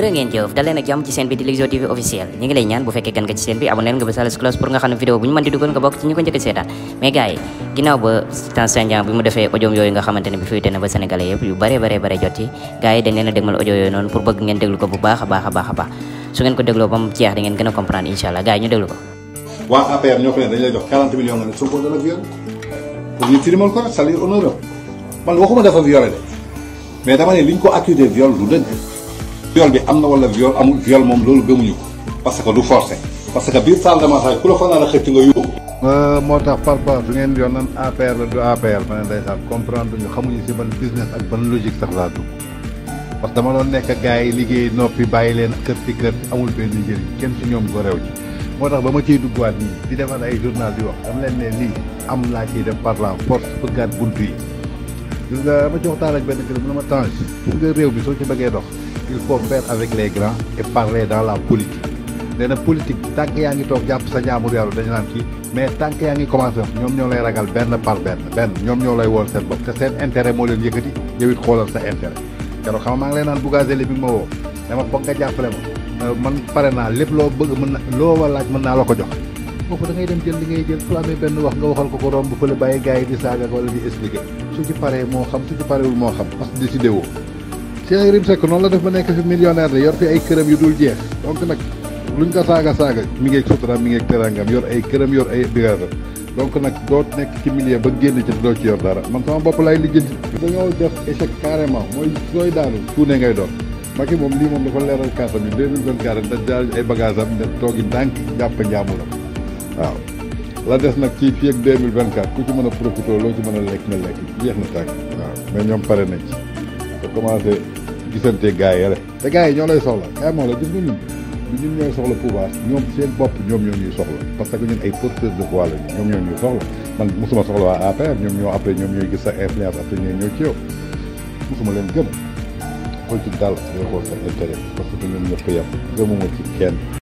jërë ngeen jàmm ci seen bi di Likzo TV ñu ngi lay ñaan bu fekkee gan nga ci seen bi aboneel nga ba salas close pour nga xam ne vidéo bu ñu mën di dugal nga bokk ci ñu ko njëkk seetaan mais gars yi ginnaaw ba Tange Tandian bi mu defee audio yooyu nga xamante bi fuite na ba sénégalais yu bare bare bare jot ci gars yi dañ leen dégmal audio noonu pour bëgg ngeen déglu ko bu baax a baax a baax su ngeen ko dégloo ba mu jeex da ngeen gën viol bi am na wala viol amul viol moom loolu gëmuñu ko parce que du forcé parce que biir salle de massage ku la fa a xëcc nga yóbbu. Euh, moo tax parfois du ngeen yoon nan APR la du APR ma ne ndeysaan comprendre ñu xamuñu si ban business ak ban logique sax laa dugg parce que dama doon nekk gars yi liggéey noppi bàyyi leen kër ci kër amul benn njëriñ kenn si ñoom ko réew ci moo tax ba ma ciy duggaat nii di defar ay journal di wax dama leen ne lii laa ciy def par la gis nga ma ci waxtaan ak benn kër mu ne ma Tange nga réew bi soo ci bëggee dox il faut faire avec les grands et parler dans la politique nee na politique tànk yaa ngi toog jàpp sa jaamur yàlla dañu naan kii mais tànk yaa ngi commencé ñoom ñoo lay ragal benn par benn benn ñoom ñoo lay woon seen bopp te seen intérêt moo leen yëkkati yow it xoolal sa intérêt keroog xam nga maa ngi lay bi ma woo dama foog nga jàppale ma man pare naa lépp loo bëgg mën na loo war laaj mën naa la ko jox kooku da dem jël li ngay jël su amee benn wax nga waxal ko ko romb fële bàyyi gars di saaga ko wala di expliquer su ci paree moo xam su ci parewul moo xam parce que décidé woo Cheikh Yérim Seck noonu la def ba nekk fi millionnaire de yor fi ay këram yu dul jeex donc nag luñ ko saaga saaga mi ngeeg suturaam mi ngeeg teraangam yor ay këram yor ay bigaaram donc nag doo nekk ci milieu ba génn ci doo ci yor dara man sama bopp laay lijjanti dañoo def échec carrément mooy sooy daanu tuune ngay waaw la des nag ci fii ak 2024 ku ci mën a profité loo ci mën a lekk na lekk jeex na tàkk waaw mais ñoom pare nañ ci te commencé gisante gars yi rek te gars yi ñoo lay soxla kay eh, moo la gis nga ñun du ñun ñooy soxla pouvoir ñoom seen bopp ñoom ñoo ñuy soxla parce que ñun ay porteurs de voix lañu ñoom ñoo ñuy soxla man mosuma soxla waa APR ñoom ñoo après ñoom ñooy gis sa influence après ñooy ñëw ci yow mosuma leen gëm politique daal yoo xool sa intérêt parce que ñoom ñëpp yem gëmuma ci kenn